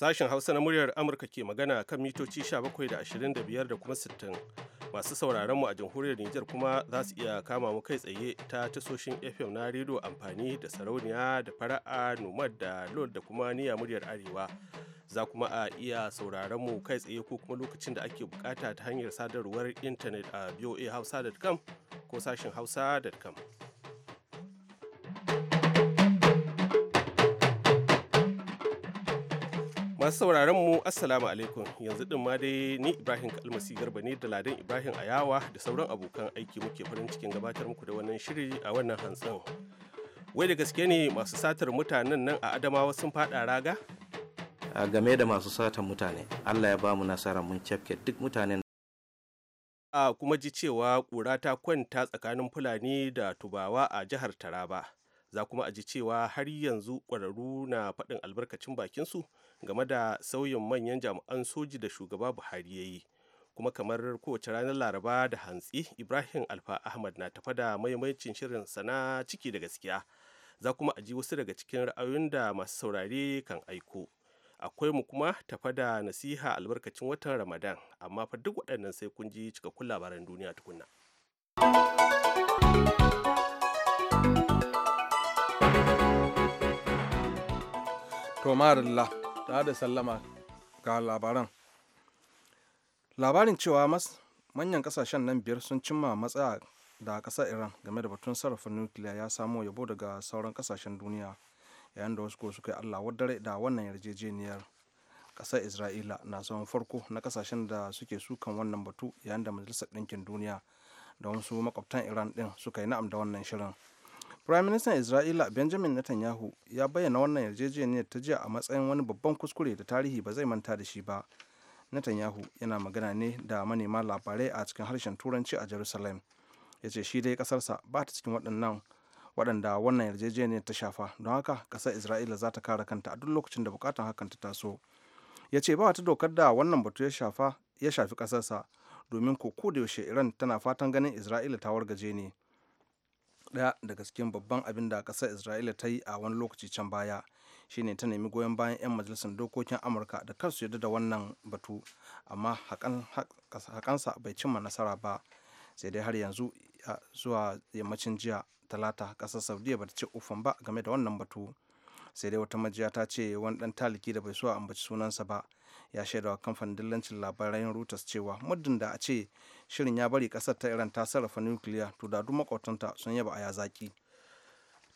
Sashen Hausa na muryar Amurka ke magana kan mitoci 17 da 25 da kuma 60. Masu sauraron mu a jamhuriyar Nijar kuma za su iya kama mu kai tsaye ta tasoshin FM na rediyo amfani da sarauniya da fara'a nomad da lord da kuma niya muryar Arewa. Za kuma a iya sauraron mu kai tsaye ko kuma lokacin da ake bukata ta hanyar sadarwar intanet a voahausa.com ko sashen hausa.com. masu sauraron mu assalamu alaikum yanzu din ma dai ni ibrahim kalmasi garba ne da ladan ibrahim ayawa da sauran abokan aiki muke farin cikin gabatar muku da wannan shiri a wannan hantsin wai da gaske ne masu satar mutanen nan a adamawa sun fada raga a game da masu satar mutane allah ya ba mu nasara mun cafke duk mutanen a kuma ji cewa kura ta kwanta tsakanin fulani da tubawa a jihar taraba za kuma a ji cewa har yanzu ƙwararru na faɗin albarkacin bakinsu game da sauyin manyan jami'an soji da shugaba buhari ya yi kuma kamar kowace ranar laraba da hantsi ibrahim alfa ahmad na tafa da maimaicin shirin sana ciki da gaskiya za kuma a ji wasu daga cikin ra'ayoyin da masu saurare kan aiko akwai mu kuma tafa da nasiha albarkacin watan ramadan amma fa duk waɗannan sai kun ji cikakkun labaran duniya tukunna to tare da sallama ga labaran labarin cewa manyan kasashen nan biyar sun cimma matsaya da kasar iran game da batun sarrafa nukiliya ya samo yabo daga sauran kasashen duniya yayin da wasu suka yi allah wadare da wannan yarjejeniyar kasar isra'ila na zaman farko na kasashen da suke sukan wannan batu yayin da majalisar ɗinkin duniya da wasu makwabtan iran ɗin suka yi na'am da wannan shirin Firaministan Isra'ila Benjamin Netanyahu ya bayyana wannan yarjejeniyar ta jiya a matsayin wani babban kuskure da tarihi ba zai manta da shi ba. Netanyahu yana magana ne da manema labarai a cikin harshen Turanci a Jerusalem. Ya ce shi dai kasarsa ba ta cikin waɗannan waɗanda wannan yarjejeniyar ta shafa don haka ƙasar Isra'ila za ta kare kanta a duk lokacin da bukatan hakan ta taso. Ya ce ba wata dokar da wannan batu ya shafa ya shafi kasarsa domin ko da yaushe Iran tana fatan ganin Isra'ila ta wargaje ne. ɗaya daga cikin babban abin da kasar isra'ila ta yi a wani lokaci can baya shine ta nemi goyon bayan 'yan majalisar dokokin amurka da kar su yarda da wannan batu amma hakansa bai cimma nasara ba sai dai har yanzu zuwa yammacin jiya talata ƙasar saudiya bata ce ufan ba game da wannan batu sai dai wata majiya ta ce wani ɗan taliki da bai so a ambaci sunansa ba ya shaidawa kamfanin dillancin labaran reuters cewa muddin da a ce shirin ya bari kasar ta iran ta sarrafa nukiliya to da duk makwabtanta sun yaba a ya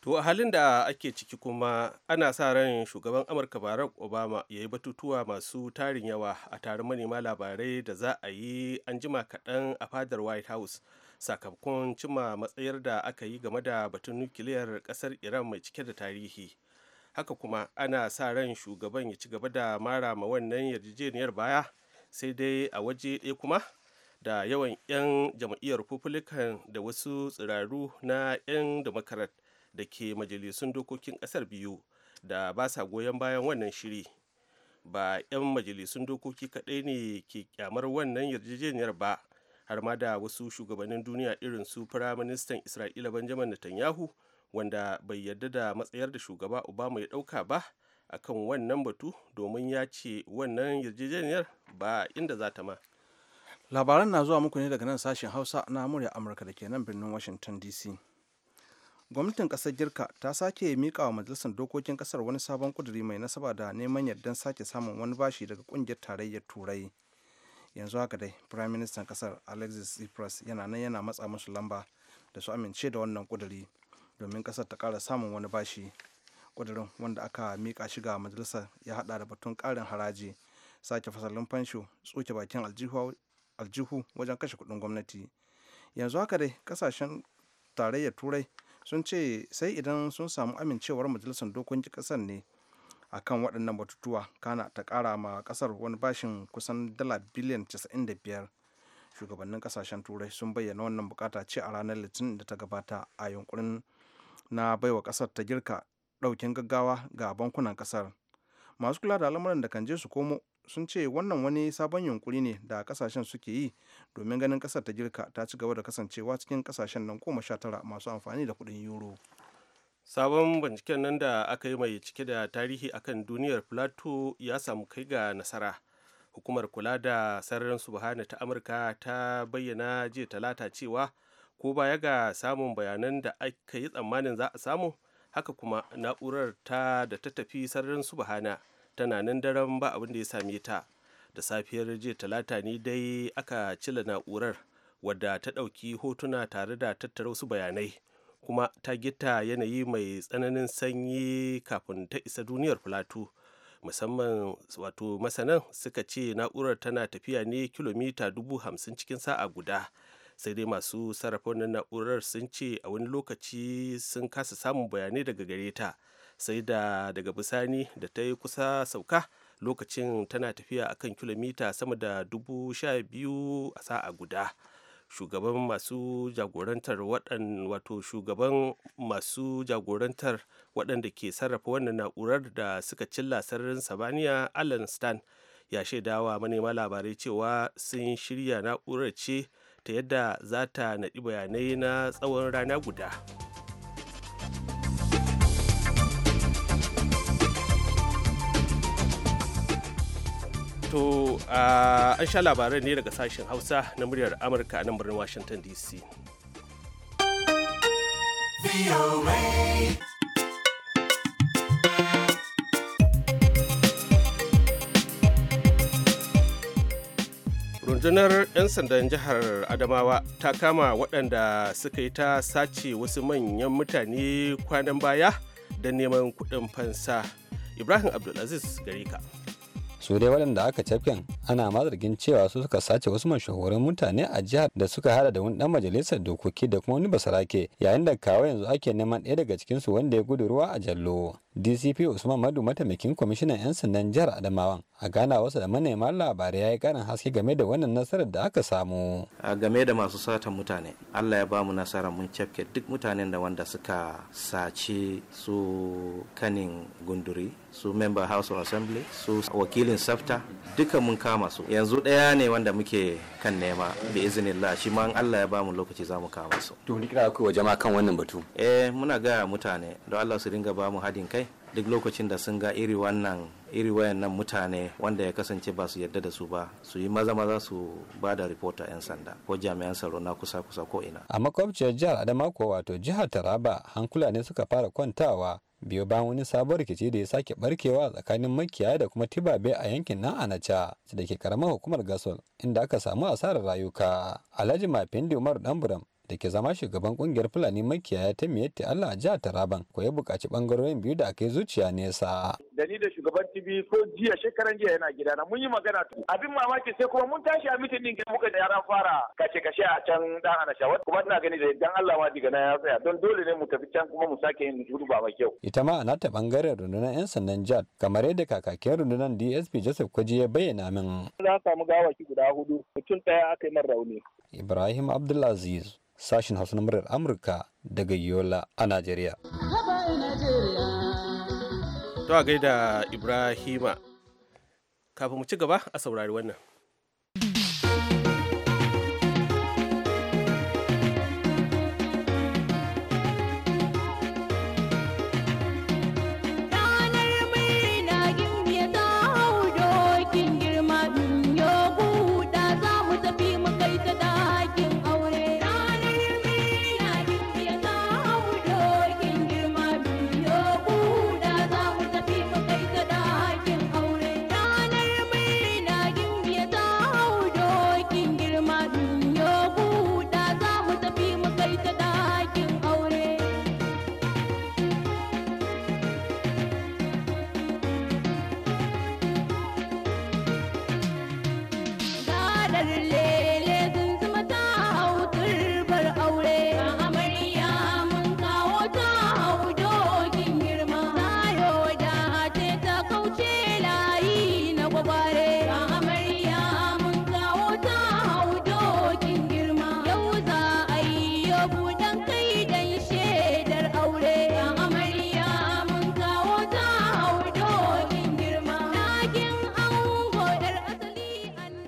To a halin da ake ciki kuma ana sa ran shugaban Amurka Barack Obama ya yi batutuwa masu tarin yawa a taron manema labarai da za a yi an jima kaɗan a fadar White House sakamakon cima matsayar da aka yi game da batun nukiliyar ƙasar Iran mai cike da tarihi. haka kuma ana sa ran shugaban ya ci gaba da mara ma wannan yarjejeniyar baya sai dai a waje ɗaya kuma da yawan 'yan jam'iyyar republican da wasu tsiraru na 'yan democrat da ke majalisun dokokin ƙasar biyu da ba sa goyon bayan wannan shiri ba 'yan majalisun dokoki kaɗai ne ke kyamar wannan yarjejeniyar ba har ma da wasu shugabannin duniya irin su firaministan isra'ila benjamin netanyahu wanda bai yarda da matsayar da shugaba obama ya dauka ba akan wannan batu domin ya ce wannan yarjejeniyar ba inda za ta ma labaran na zuwa muku ne daga nan sashen hausa na murya amurka da ke nan birnin washington dc gwamnatin kasar girka ta sake mika wa majalisar dokokin kasar wani sabon kuduri mai nasaba da neman yardan sake samun wani bashi daga kungiyar tarayyar turai yanzu haka dai prime minister kasar alexis tsipras yana nan yana matsa musu lamba da su amince da wannan kuduri domin kasar ta kara samun wani bashi kudurin wanda aka mika shi ga majalisar ya hada da batun karin haraji sake fasalin fansho tsoke bakin aljihu wajen kashe kudin gwamnati yanzu haka dai kasashen tarayyar turai sun ce sai idan sun samu amincewar majalisar dokoki kasar ne akan waɗannan batutuwa kana ta ƙara ma ƙasar wani bashin kusan dala biliyan 95 shugabannin ƙasashen turai sun bayyana wannan bukata ce a ranar litinin da ta gabata a yunkurin na baiwa kasar ta girka daukin gaggawa ga bankunan kasar masu kula da al'amuran da kan je su komo sun ce wannan wani sabon yunkuri ne da kasashen suke yi domin ganin kasar ta girka ta ci gaba da kasancewa cikin kasashen nan goma sha tara masu amfani da kuɗin euro sabon binciken nan da aka yi mai cike da tarihi akan duniyar plato ya samu kai ga nasara hukumar kula da sararin subhana ta amurka ta bayyana jiya talata cewa ko baya ga samun bayanan da aka yi tsammanin za a samu haka kuma na'urar ta da ta tafi sararin bahana tana nan daren ba abin da ya same ta da safiyar jiya talata ne dai aka cila na'urar wadda ta ɗauki hotuna tare da tattara wasu bayanai kuma ta gita yanayi mai tsananin sanyi kafin ta isa duniyar filatu musamman wato masanan suka ce na'urar tana tafiya ne kilomita dubu hamsin cikin sa'a guda sai dai masu sarrafa wannan na'urar sun ce a wani lokaci sun kasa samun bayanai daga gare ta sai da daga bisani da ta yi kusa sauka lokacin tana tafiya akan kilomita sama da dubu sha biyu a sa'a guda shugaban masu jagorantar waɗan wato shugaban masu jagorantar waɗanda ke sarrafa wannan na'urar da suka cilla sararin sabaniya alan stan ya shaidawa manema labarai cewa sun shirya na'urar ce ta yadda za ta naɗi bayanai na tsawon rana guda to an sha labarai ne daga sashen hausa na muryar amurka a nan birnin washington dc rundunar 'yan sandan jihar adamawa ta kama waɗanda suka yi ta sace wasu manyan mutane kwanan baya don neman kuɗin fansa ibrahim abdulaziz gari ka su dai waɗanda aka cafken ana ma cewa su suka sace wasu mashahuran mutane a jihar da suka hada da wani dan majalisar dokoki da kuma wani basarake yayin da kawo yanzu ake neman ɗaya daga cikinsu wanda ya gudu ruwa a jallo dcp usman madu mataimakin kwamishinan 'yan sandan jihar adamawan a gana wasu da manema labarai ya yi karin haske game da wannan nasarar da aka samu a game da masu satan mutane allah ya bamu nasara mun cafke duk mutanen da wanda suka sace su kanin gunduri su member house of assembly su wakilin safta duka mun kama su yanzu ɗaya ne wanda muke kan nema bi la shi ma Allah ya bamu lokaci za mu kama su to ni kira ku wa jama'a kan wannan batu eh muna ga mutane don Allah su ringa bamu hadin kai duk lokacin da sun ga iri wannan iri wayannan mutane wanda ya kasance ba su yarda da su ba su yi maza maza su ba da ripota 'yan sanda ko jami'an tsaro na kusa kusa ko ina a makwabciyar jihar adama wato jihar taraba hankula ne suka fara kwantawa biyo bayan wani sabon rikici da ya sake barkewa tsakanin makiyaya da kuma tibabe a yankin na anacha da ke karamar hukumar gasol inda aka samu asarar rayuka alhaji mafindi umar danburam da ke zama shugaban kungiyar Fulani makiyaya ta miyatti Allah a jihar Taraban ko ya buƙaci bangarorin biyu da aka yi zuciya nesa. Da ni da shugaban TV ko jiya shekaran jiya yana gidana mun yi magana tu. Abin mamaki sai kuma mun tashi a mitin din muka da yaran fara kace kashe a can dan Anasha kuma ina gani da dan Allah ma diga na ya tsaya don dole ne mu tafi can kuma mu sake yin ba mai kyau. Ita ma a nata bangaren rundunar 'yan sandan jihar kamar yadda kakakin rundunar DSP Joseph Kwaji ya bayyana min. Za samu gawaki guda hudu mutum ɗaya aka yi rauni. Ibrahim Abdulaziz sashen hausa na murar amurka daga yola a najeriya to a gaida ibrahima kafin mu ci gaba a saurari wannan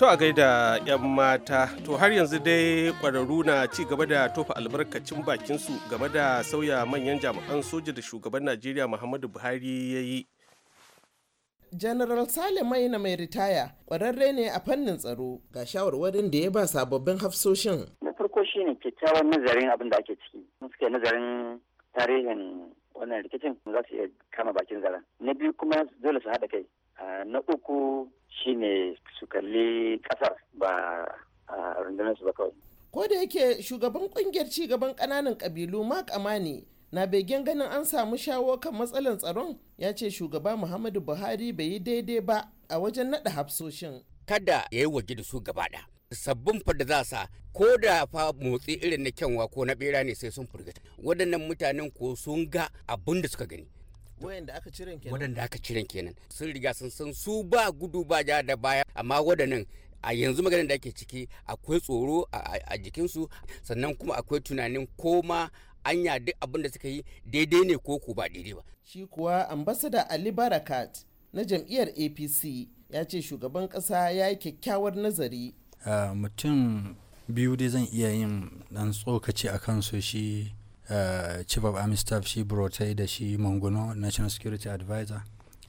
To a gaida 'yan mata, to har yanzu dai ƙwararru na ci gaba da tofa albarkacin bakinsu game da sauya manyan jami'an soja da shugaban Najeriya Muhammadu Buhari ya yi. General Sale Maina mai ritaya ƙwararre ne a fannin tsaro ga shawarwarin da ya ba sababbin hafsoshin. Na farko shine kyakkyawan nazarin abin da ake ciki. suke nazarin tarihin wannan rikicin za su iya kama bakin zara na biyu kuma dole su haɗa kai ah, na uku shine su kalli ƙasar ba rundunar su ba kawai ko da yake shugaban kungiyar ci gaban ƙananan ƙabilu mark amani na begen ganin an samu shawo kan matsalar tsaron ya ce shugaba muhammadu buhari bai yi daidai ba a wajen naɗa hafsoshin kada ya yi waje da su gaba sabbin fa za sa ko da fa motsi irin na kyanwa ko na bera ne sai sun furgata waɗannan mutanen ko sun ga abin da suka gani waɗanda aka ciren kenan sun riga sun san su ba gudu ba ja da baya amma waɗannan a yanzu maganin da ake ciki akwai tsoro a jikinsu sannan kuma akwai tunanin koma anya duk abin da suka yi daidai ne ko ku ba daidai ba shi kuwa ambasada ali barakat na jam'iyyar apc ya ce shugaban kasa ya yi kyakkyawar nazari ah, mutum biyu dai zan iya yin dan tsokaci a kansu shi Eh, chief of army staff shi burotai da shi mangono national security advisor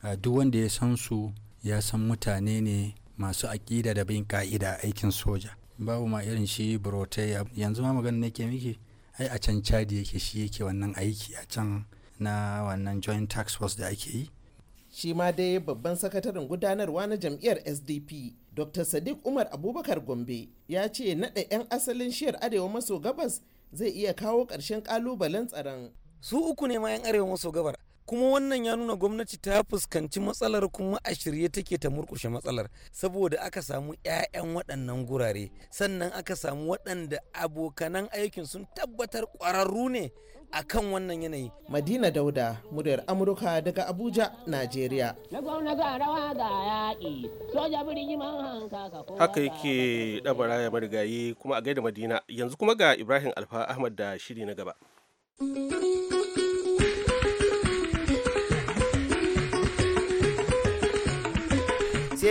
eh, duk wanda ya san su ya san mutane ne masu aƙida da bin ka'ida aikin soja babu ma irin shi burotai yanzu ma magana ke miki ai a can chad yake shi yake wannan aiki a can na wannan joint tax force da ake yi shi ma dai babban sakataren gudanarwa na jam'iyyar sdp dr sadiq umar abubakar gombe ya ce naɗa 'yan asalin shiyar arewa maso gabas zai iya kawo ƙarshen ƙalubalen tsaron. Su uku ne ma 'yan arewa maso gabar kuma wannan ya nuna gwamnati ta fuskanci matsalar kuma a shirye take ta murkushe matsalar saboda aka samu 'ya'yan waɗannan gurare sannan aka samu waɗanda abokanan aikin sun tabbatar ƙwararru ne a kan wannan yanayi madina dauda muryar amurka daga abuja nigeria haka yake ɗabara ya marigayi kuma a gaida madina yanzu kuma ga ibrahim alfa ahmad da shiri na gaba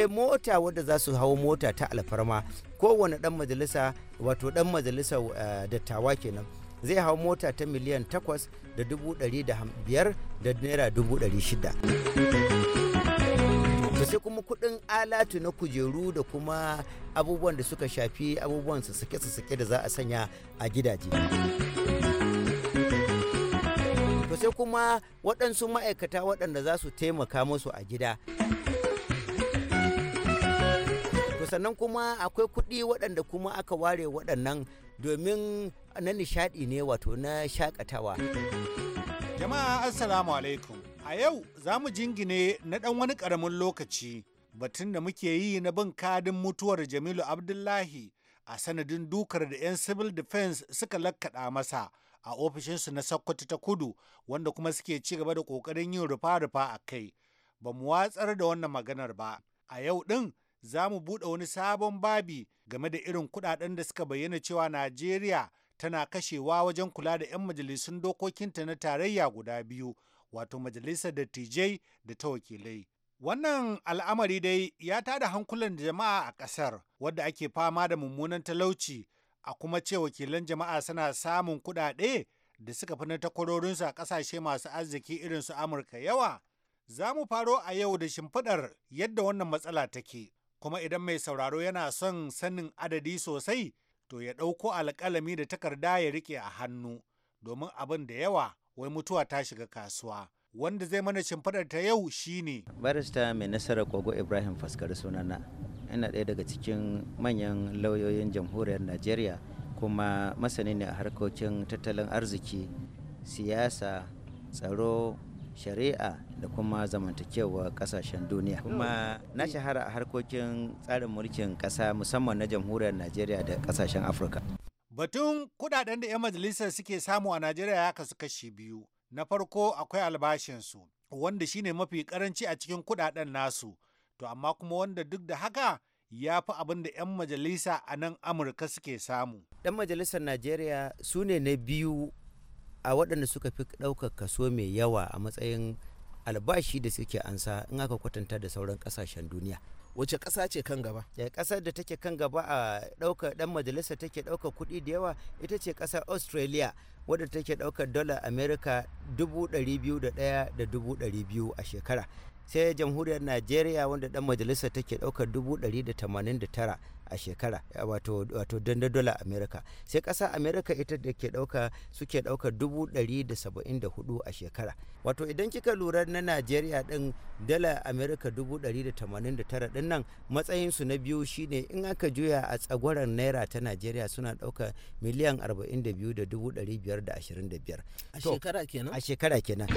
akwai mota wadda za su hau mota ta alfarma kowane dan majalisa wato dan majalisa eh, dattawa kenan zai hau mota ta miliyan takwas da dubu dari da biyar da naira dubu dari shida da sai kuma kudin alatu na kujeru da kuma abubuwan da suka shafi abubuwan sassake-sassake da za a sanya a gidaje to sai kuma waɗansu ma'aikata waɗanda za su taimaka musu a gida sannan kuma akwai kuɗi waɗanda kuma aka ware waɗannan domin na nishaɗi ne wato na shakatawa jama'a assalamu alaikum a yau za mu jingine na ɗan wani ƙaramin lokaci batun da muke yi na bin kadin mutuwar jamilu abdullahi a sanadin dukar da 'yan civil defense suka lakkaɗa masa a ofishinsu na sokoto ta kudu wanda kuma suke ci gaba da ƙoƙarin yin rufa-rufa a kai ba mu watsar da wannan maganar ba a yau ɗin za mu buɗe wani sabon babi game da irin kuɗaɗen da suka bayyana cewa Najeriya tana kashewa wajen kula da 'yan majalisun dokokinta na tarayya guda biyu, wato majalisar dattijai da ta wakilai. Wannan al'amari dai ya tada hankulan jama'a a ƙasar, wadda ake fama da mummunan talauci, a kuma ce wakilan jama'a suna samun kuɗaɗe da suka fi na takwarorinsu a ƙasashe masu arziki irin su Amurka yawa. Za mu faro a yau da shimfiɗar yadda wannan matsala take. kuma idan mai sauraro yana son sanin adadi sosai to ya ɗauko alƙalami da takarda ya rike a hannu domin abin da yawa wai mutuwa ta shiga kasuwa. Wanda zai mana shimfiɗar ta yau shine. Barista mai nasarar Kogo Ibrahim Faskari sunana. Ina ɗaya daga cikin manyan lauyoyin jamhuriyar Najeriya kuma masani ne a harkokin tattalin arziki, siyasa, tsaro shari'a da kuma zamantakewar kasashen duniya kuma na shahara a harkokin tsarin mulkin kasa musamman na jamhuriyar najeriya da kasashen afirka batun kudaden da 'yan majalisar suke samu a najeriya ya kasu kashi biyu na farko akwai albashinsu wanda shine mafi karanci a cikin kudaden nasu to amma kuma wanda duk da haka ya fi abin da 'yan majalisa a nan amurka suke samu 'yan majalisar najeriya su ne na biyu a waɗanda suka fi ɗaukar kaso mai yawa a matsayin albashi da suke ansa in aka kwatanta da sauran ƙasashen duniya wace ƙasa ce kan gaba ya eh, ƙasar da take kan gaba a ɗaukar ɗan majalisa take ɗaukar kuɗi da yawa ita ce ƙasar australia wadda take ɗaukar dala america dubu ɗari biyu da ɗaya da dubu ɗari biyu a shekara sai jamhuriyar najeriya wanda dan majalisar take daukar 189 a shekara wato wato dola america sai kasa america ita da ke dauka suke daukar 174 a shekara wato idan kika lura na najeriya din dala america 189 din nan matsayin su na biyu shine in aka juya a tsagwaron naira ta najeriya suna dauka miliyan 42,525 a shekara kenan a shekara kenan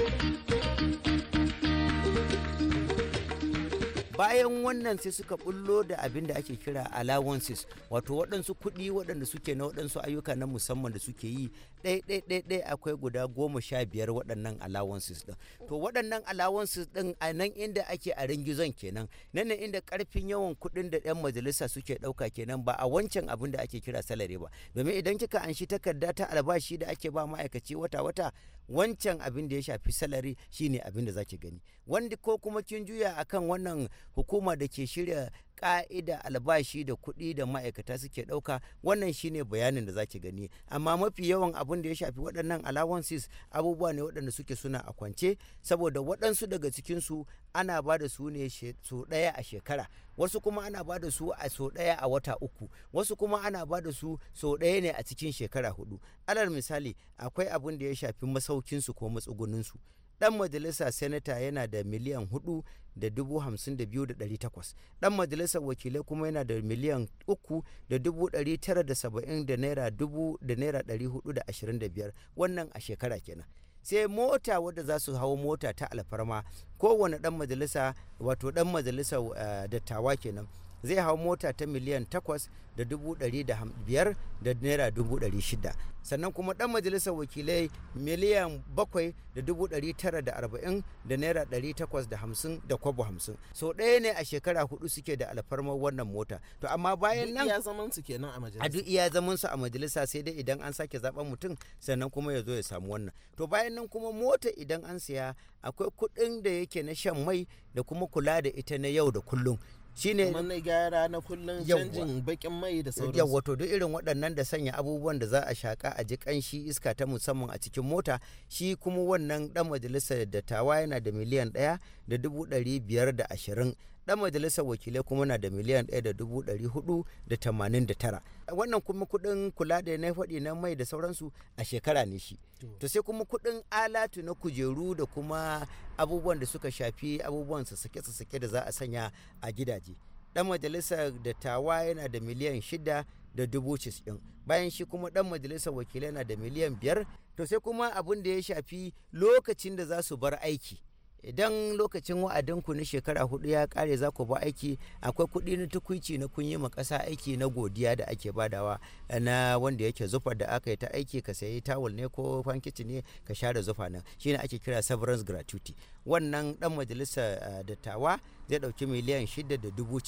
bayan wannan sai suka bullo da abin da ake kira allowances wato waɗansu kuɗi waɗanda suke na waɗansu ayyuka na musamman da suke yi ɗai akwai guda goma sha biyar waɗannan allowances ɗin to waɗannan allowances ɗin a nan inda ake a ringizon kenan nan inda ƙarfin yawan kuɗin da 'yan majalisa suke ɗauka kenan ba a wancan abin da ake kira salary ba domin idan kika anshi takarda ta albashi da ake ba ma'aikaci wata-wata wancan abin da ya shafi salari shine abin da zaki gani wanda ko kuma kin juya akan wannan hukuma da ke shirya ka'ida albashi da kuɗi da ma'aikata suke ɗauka wannan shine bayanin da zaki gani amma mafi yawan abun da ya shafi waɗannan allowances abubuwa ne waɗanda suke suna a kwance saboda waɗansu daga cikinsu ana ba da su ne so ɗaya a shekara wasu kuma ana ba da su a so ɗaya a wata uku wasu kuma ana ba da su sau ɗaya ne a cikin shekara hudu alal misali akwai abun da ya shafi masaukinsu ko matsuguninsu dan majalisa senata yana da miliyan hudu da dubu ɗan majalisar wakilai kuma yana da miliyan uku da dubu biyar wannan a shekara kenan sai mota wadda za su hawo mota ta alfarma kowane dan majalisa wato ɗan majalisar eh, dattawa kenan zai hau mota ta miliyan takwas da dubu ɗari da biyar da naira dubu ɗari shida sannan kuma ɗan majalisar wakilai miliyan bakwai da dubu ɗari tara da arba'in da naira ɗari takwas da hamsin da kwabo hamsin so ɗaya ne a shekara hudu suke da alfarmar wannan mota to amma bayan nan iya zaman su kenan a majalisa a duk iya zaman su a majalisa sai dai idan an sake zaben mutum sannan kuma ya zo ya samu wannan to bayan nan kuma mota idan an siya akwai kuɗin da yake na shan mai da kuma kula da ita na yau da kullum shine na gyara na kullun canjin bakin mai da sauransu yawa to duk irin waɗannan da sanya abubuwan da za a shaka a ji kanshi iska ta musamman a cikin mota shi kuma wannan dan majalisar dattawa yana da miliyan ɗaya da dubu ɗari biyar da ashirin dan majalisar wakilai kuma na da miliyan ɗaya da dubu ɗari hudu da tamanin da tara wannan kuma kuɗin kula da na faɗi na mai da sauransu a shekara ne shi to sai kuma kuɗin alatu na kujeru da kuma abubuwan da suka shafi abubuwan sassake sassake da za a sanya a gidaje dan majalisar da tawa yana da miliyan shida da dubu casa'in bayan shi kuma dan majalisar wakilai na da miliyan biyar to sai kuma abin da ya shafi lokacin da za su bar aiki idan lokacin wa'adinku na shekara hudu ya kare za ku ba aiki akwai kuɗi na tukuici na kun yi ma kasa aiki na godiya da ake badawa na wanda yake zufar da aka yi ta aiki ka sayi tawul ne ko fankici ne ka share zufa nan shine ake kira severance gratuity wannan dan majalisa dattawa zai ɗauki miliyan shida da dubu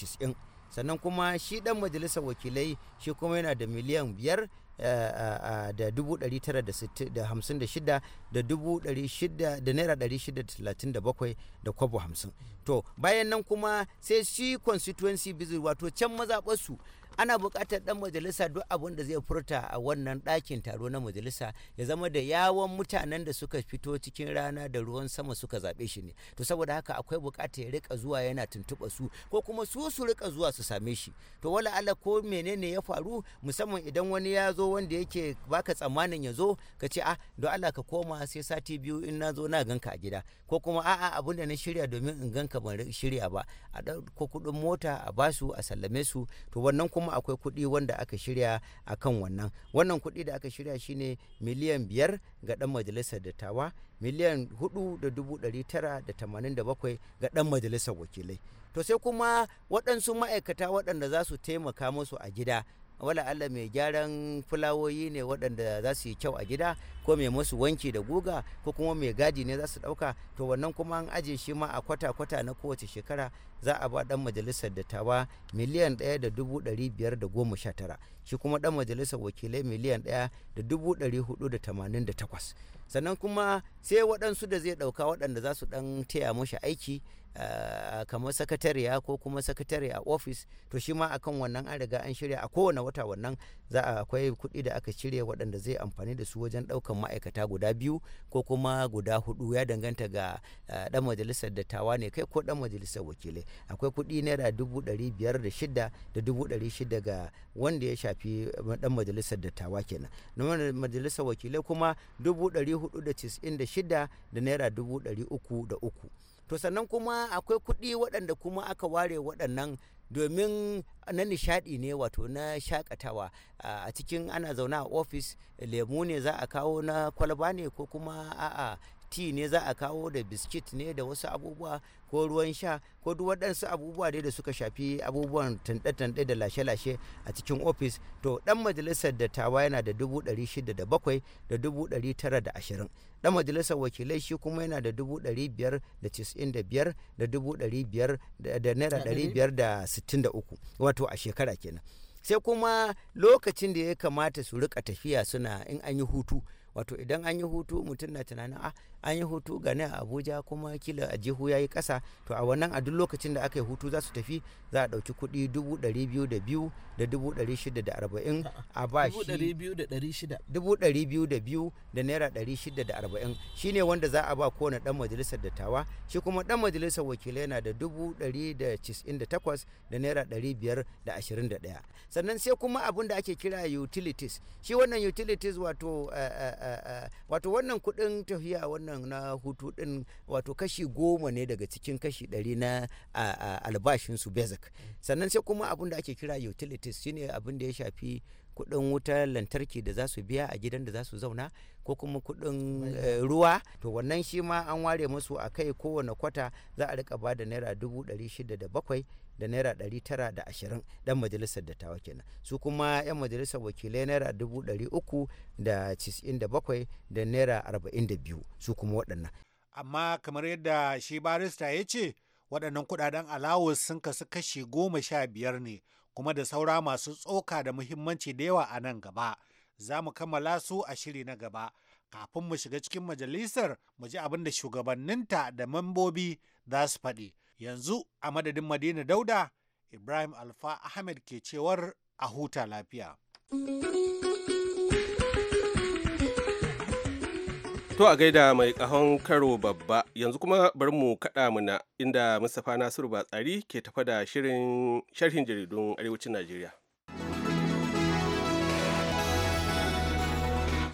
sannan kuma shi dan majalisar wakilai shi kuma yana da miliyan biyar da dubu ɗari tara da da hamsin da shida da dubu ɗari shida da naira ɗari shida da talatin da bakwai da kwabo hamsin to bayan nan kuma sai shi constituency visit wato can mazaɓarsu ana buƙatar ɗan majalisa duk abin da zai furta a wannan ɗakin taro na majalisa ya zama da yawon mutanen da suka fito cikin rana da ruwan sama suka zaɓe shi ne to saboda haka akwai buƙatar ya rika zuwa yana tuntuɓa su ko kuma su su rika zuwa su same shi to wala ala ko menene ya faru musamman idan wani ya zo wanda yake baka tsammanin ya zo ka ce ah do Allah ka koma sai sati biyu in na zo na ganka a gida ko kuma a'a abun da na shirya domin in ganka ban shirya ba a ko kuɗin mota a basu a sallame su to wannan kuma kuma akwai kuɗi wanda aka shirya a kan wannan wannan kuɗi da aka shirya shine miliyan biyar ga ɗan majalisar dattawa miliyan hudu da dubu ɗari tara da tamanin da bakwai ga ɗan majalisar wakilai to sai kuma waɗansu ma'aikata waɗanda za su taimaka musu a gida wala Allah mai gyaran fulawoyi ne waɗanda za su yi kyau a gida ko mai musu wanki da guga ko kuma mai gadi ne za su ɗauka to wannan kuma an aje shi ma a kwata-kwata na kowace shekara za a ba ɗan majalisar dattawa miliyan daya da dubu ɗari biyar da goma sha tara shi kuma ɗan majalisar wakilai miliyan ɗaya da dubu ɗari hudu da tamanin da takwas sannan kuma sai waɗansu da zai ɗauka waɗanda za su ɗan taya mashi aiki Uh, kamar sakatariya ko kuma sakatariya a ofis to shi ma akan wannan an riga an shirya a kowane wata wannan za a akwai kuɗi da aka shirya waɗanda zai amfani da su wajen ɗaukan ma'aikata guda biyu ko kuma guda hudu ya danganta ga dan eh, majalisar dattawa ne kai ko dan majalisar wakilai akwai kuɗi naira dubu ɗari biyar da shida da dubu ɗari shida ga wanda ya shafi dan majalisar dattawa kenan na majalisar wakilai kuma dubu ɗari hudu da da shida da naira dubu ɗari uku da uku to sannan kuma akwai kuɗi waɗanda kuma aka ware waɗannan domin na nishaɗi ne wato na shakatawa a cikin ana zaune a ofis lemu ne za a kawo na kwalba ne ko kuma a'a ti ne za a kawo da biskit ne da wasu abubuwa ko ruwan sha ko duk waɗansu abubuwa dai da suka shafi abubuwan tanɗe-tanɗe da lashe-lashe a cikin ofis to ɗan majalisar tawa yana da dubu ɗari shida da bakwai da dubu ɗari tara da ashirin ɗan majalisar wakilai shi kuma yana da dubu ɗari biyar da cisin da biyar da dubu ɗari biyar da naira ɗari biyar da sittin da uku wato a shekara kenan sai kuma lokacin da ya kamata su rika tafiya suna in an yi hutu wato idan an yi hutu mutum na tunanin a ah, an yi hutu ga a abuja kuma kila a jihu ya yi kasa to a wannan a duk lokacin da aka yi hutu za su tafi za a ɗauki kuɗi dubu ɗari biyu da biyu da dubu ɗari shida da arba'in a ba shi dubu ɗari biyu da biyu da naira ɗari shida da arba'in shine wanda za a ba kowane ɗan majalisar dattawa shi kuma ɗan majalisar wakilai na da dubu ɗari da cisin da takwas da naira ɗari biyar da ashirin da ɗaya sannan sai kuma abin da ake kira utilities shi wannan utilities wato eh, eh, eh, wato wannan kuɗin tafiya wannan wannan na hutu din wato kashi goma ne daga cikin kashi ɗari na albashin su basic mm. sannan sai kuma abin da ake kira utilities shine abin da ya shafi kudin wutar lantarki da za su biya a gidan da za su zauna ko kuma kudin eh, ruwa to wannan shi ma an ware musu a kai kowane kwata za a rika ba da naira dubu ɗari shida da bakwai da naira ɗari tara da ashirin ɗan majalisar dattawa kenan su kuma 'yan majalisar wakilai naira dubu ɗari uku da cisin da bakwai da naira arba'in da biyu su kuma waɗannan. amma kamar yadda shi barista ya ce waɗannan kuɗaɗen alawus sun kasu kashi goma sha biyar ne kuma da saura masu tsoka da muhimmanci da yawa a nan gaba. Za mu kammala su a shiri na gaba. Kafin mu shiga cikin majalisar mu ji abin da shugabanninta da mambobi za su faɗi. Yanzu a madadin Madina Dauda, Ibrahim Alfa Ahmed ke cewar a huta lafiya. To a gaida mai kahon karo babba yanzu kuma bari mu kaɗa muna inda Mustapha Nasiru Batsari ke tafa da shirin sharhin jaridun Arewacin Najeriya.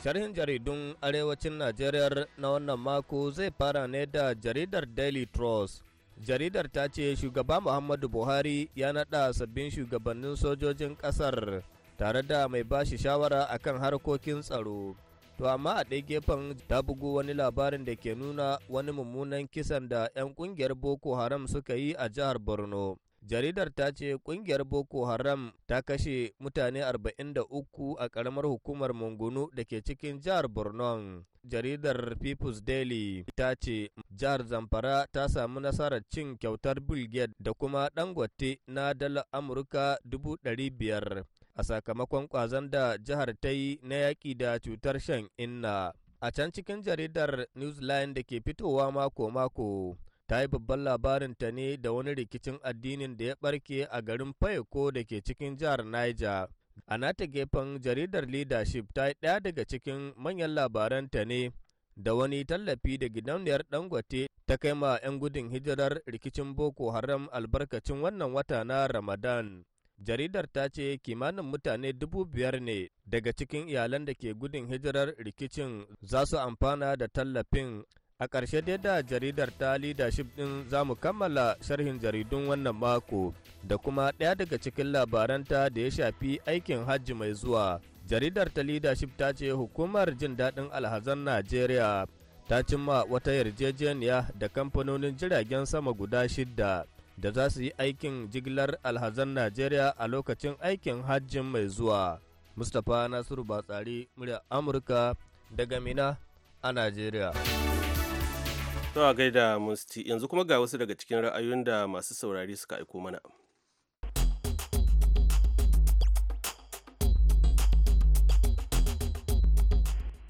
Sharhin jaridun Arewacin Najeriya na wannan mako zai fara ne da jaridar Daily Trust. Jaridar ta ce shugaba Muhammadu Buhari ya naɗa sabbin shugabannin sojojin ƙasar tare da mai bashi shawara akan harkokin tsaro. To amma a ɗaya gefen ta bugu wani labarin da ke nuna wani mummunan kisan da 'yan ƙungiyar Boko Haram suka yi a jihar Borno. jaridar ta ce kungiyar boko haram ta kashe mutane 43 a karamar hukumar mungunu da ke cikin jihar borno jaridar people's daily ta ce jihar zamfara ta samu nasarar cin kyautar bill da kuma dangote na dala amurka 500 a sakamakon kwazon da jihar ta yi na yaƙi da cutar shan inna. A can cikin jaridar Newsline da ke fitowa mako-mako, ta yi babban labarin ta ne da wani rikicin addinin da ya barke a garin Fayeko da ke cikin jihar Niger. A nata gefen jaridar Leadership ta yi ɗaya daga cikin manyan labaran ta ne da wani tallafi da gidauniyar Dangote ta kai ma 'yan gudun hijirar rikicin Boko Haram albarkacin wannan wata na Ramadan. Jaridar ta ce kimanin mutane dubu biyar ne daga cikin iyalan da ke gudun hijirar rikicin za su amfana da tallafin A ƙarshe dai da jaridar ta leadership ɗin za mu kammala sharhin jaridun wannan mako da kuma ɗaya daga cikin labaranta da ya shafi aikin hajji mai zuwa. Jaridar ta leadership ta ce hukumar jin daɗin alhazan Najeriya ta cimma wata yarjejeniya da kamfanonin jiragen sama guda shidda da za su yi aikin jigilar alhazan Najeriya a lokacin aikin hajjin mai zuwa. Mustapha Nasiru Batsari, murya Amurka daga Mina a Najeriya. Tawa gaida Musti, yanzu kuma ga wasu daga cikin ra'ayoyin da masu saurari suka aiko mana.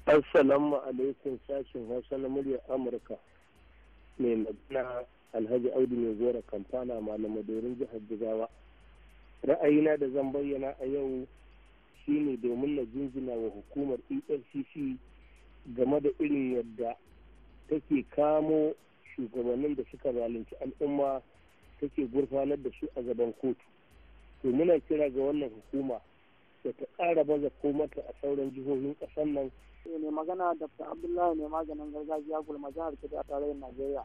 Assalamu alaikum sashin Hausa na murya Amurka. Mai magana alhaji audu mai gora kamfana malamadorin jihar jigawa ra'ayina da zan bayyana a yau shine domin na jinjina wa hukumar efcc game da irin yadda take kamo shugabannin da suka zalunci al'umma take gurfanar da su a gaban kotu to muna kira ga wannan hukuma da ta ƙara baza komata a sauran jihohin ƙasar nan. mai magana dr abdullahi ne maganin gargajiya gulma jihar kudu a tarayyar najeriya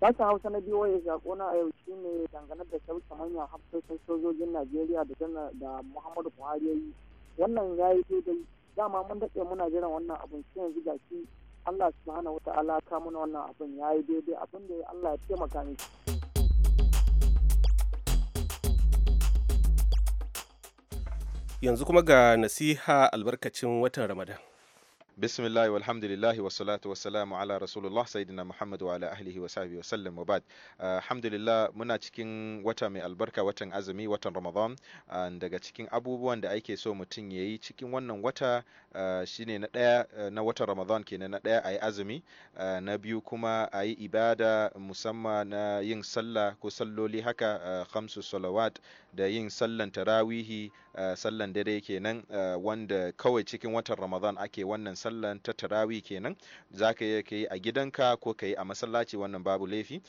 Sashen Hausa na ya zaƙo na yau shi ne dangane da sauke manyan hafsoshin sojojin Najeriya da da Muhammadu Buhari ya yi. Wannan ya yi daidai dama mun daɗe muna jiran wannan abin shi yanzu ga shi Allah subhanahu wata ka muna wannan abin ya yi daidai abin da Allah ya taimaka mishi. Yanzu kuma ga nasiha albarkacin watan Ramadan. بسم الله والحمد لله والصلاة والسلام على رسول الله سيدنا محمد وعلى أهله وصحبه وسلم وبعد الحمد لله منا تكين وتم البركة وتن أزمي وتن رمضان عند تكين أبو بوان دا أيكي سو متن يي تكين ونن وتا Eh, shine na ɗaya eh, na watan ramadan kenan na ɗaya a yi azumi eh, na biyu kuma a yi ibada musamman na yin sallah ko salloli haka khamsu salawat da yin sallan tarawihi sallan dare kenan wanda kawai cikin watan ramadan ake wannan sallan ta tarawih kenan za ka yi a gidanka ko ka yi a masallaci wannan babu laifi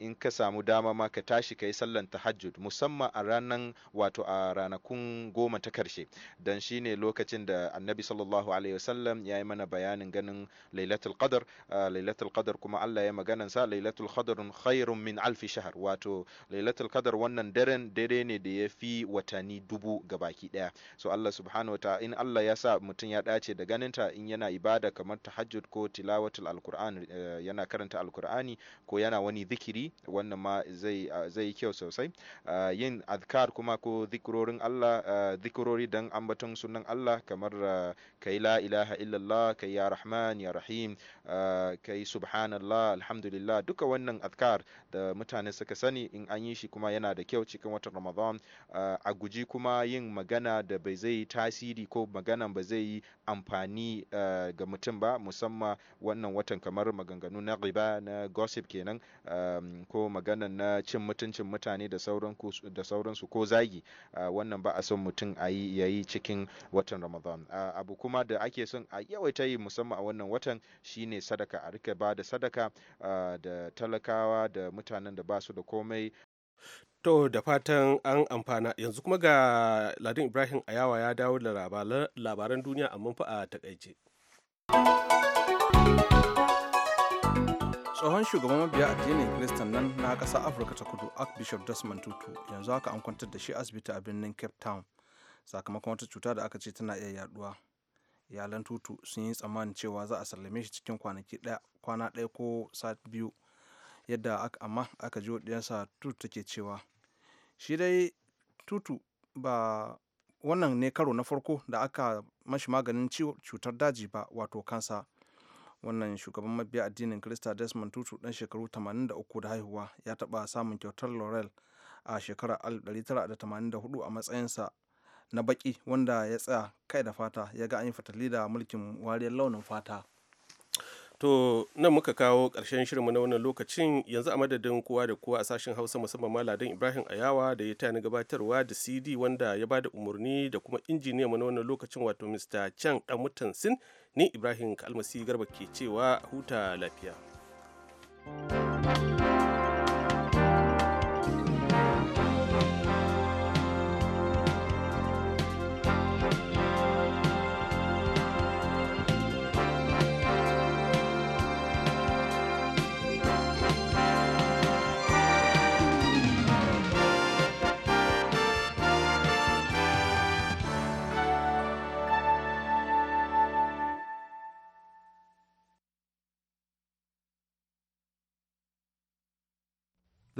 in ka samu dama ma ka tashi ka yi sallan tahajjud musamman a ranar wato a ranakun goma ta karshe dan shine lokacin da annabi annabi sallallahu alaihi wasallam ya yi mana bayanin ganin lailatul qadar lailatul qadar kuma Allah ya magana sa lailatul qadar khairun min alfi shahar wato lailatul qadar wannan daren dare ne da ya fi watanni dubu gabaki daya so Allah subhanahu wataala in Allah ya sa mutum ya dace da ganin ta in yana ibada kamar tahajjud ko tilawatul alquran eh, yana karanta alqur'ani ko yana wani zikiri wannan ma zai eh, zai kyau sosai yin azkar kuma ko zikrorin Allah eh, zikirori dan ambaton sunan Allah kamar kai la ilaha illallah kai ya rahman ya rahim ah, kai subhanallah alhamdulillah duka wannan azkar da mutane suka sani in an yi shi kuma yana da kyau cikin watan ramadan ah, a guji kuma yin magana da bai zai yi tasiri ko magana ba zai yi amfani ah, ga mutum ba musamman wannan watan kamar maganganu na riba na gossip kenan ko magana na cin mutuncin mutane da sauransu ko zagi wannan ba a son mutum a yi cikin watan ramadan abu kuma da ake son a yawaita yi musamman a wannan watan shine sadaka a rika ba da sadaka ah, da talakawa da mutanen da ba su da komai To da fatan an amfana yanzu kuma ga Ladin Ibrahim Ayawa ya dawo da labaran duniya a fa a takaice. tsohon shugaban mabiya addinin kiristan nan na ƙasa afirka ta kudu archbishop desmond tutu yanzu aka an kwantar da shi asibiti a birnin cape town sakamakon wata cuta da aka ce tana iya yaduwa iyalan tutu sun yi tsammanin cewa za a sallame shi cikin kwanaki kwana ɗaya ko sati biyu yadda aka amma aka ji ɗiyansa tutu take cewa shi dai tutu ba wannan ne karo na farko da aka mashi maganin cutar daji ba wato kansa wannan shugaban mabiya addinin krista desmond tutu ɗan shekaru 83 da haihuwa ya taɓa samun kyautar laurel a shekarar 1984 a matsayinsa na baki wanda ya tsaya kai da fata ya ga an yi fatali da mulkin wariyar launin fata to nan muka kawo ƙarshen shirinmu na wannan lokacin yanzu a madadin kowa da kowa a sashen hausa musamman maladin ibrahim ayawa da ya tani gabatarwa da cd wanda ya ba da umarni da kuma injiniya mu wannan lokacin wato mr chan dan mutan sin ni ibrahim kalmasi garba ke cewa huta lafiya thank you